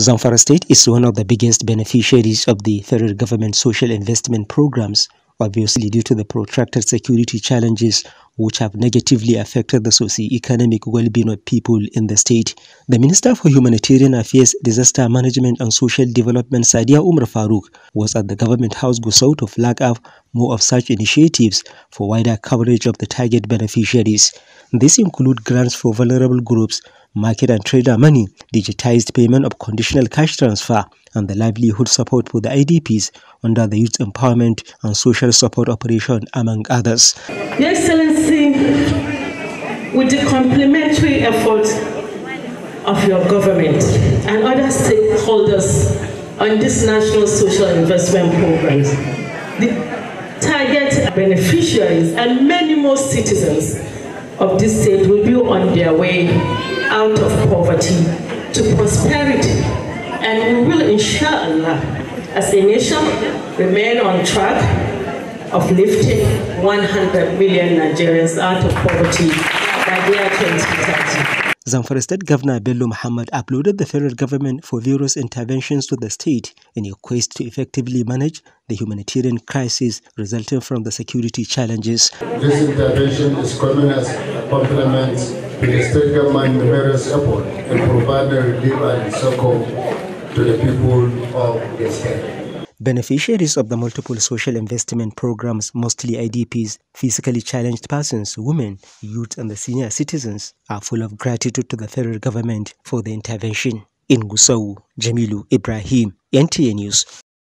Zamfara State is one of the biggest beneficiaries of the federal government social investment programs, obviously due to the protracted security challenges which have negatively affected the socio-economic well-being of people in the state. The Minister for Humanitarian Affairs, Disaster Management and Social Development, Sadia Umar Farouk, was at the Government House Gusau to flag up more of such initiatives for wider coverage of the target beneficiaries. These include grants for vulnerable groups, market and trader money, digitized payment of conditional cash transfer, and the livelihood support for the IDPs under the Youth Empowerment and Social Support Operation, among others. Your Excellency, with the complementary effort of your government and other stakeholders on this national social investment program, the target beneficiaries and many more citizens of this state will be on their way out of poverty to prosperity and we will inshallah as a nation remain on track of lifting 100 million Nigerians out of poverty by the year 2030. Zamfara State Governor Bello Muhammad uploaded the federal government for various interventions to the state in a quest to effectively manage the humanitarian crisis resulting from the security challenges. This intervention is coming as a complement to the state government's numerous efforts in providing relief and support to the people of the state. Beneficiaries of the multiple social investment programs, mostly IDPs, physically challenged persons, women, youth and the senior citizens, are full of gratitude to the federal government for the intervention. In Gusau, Jamilu Ibrahim, NTA News.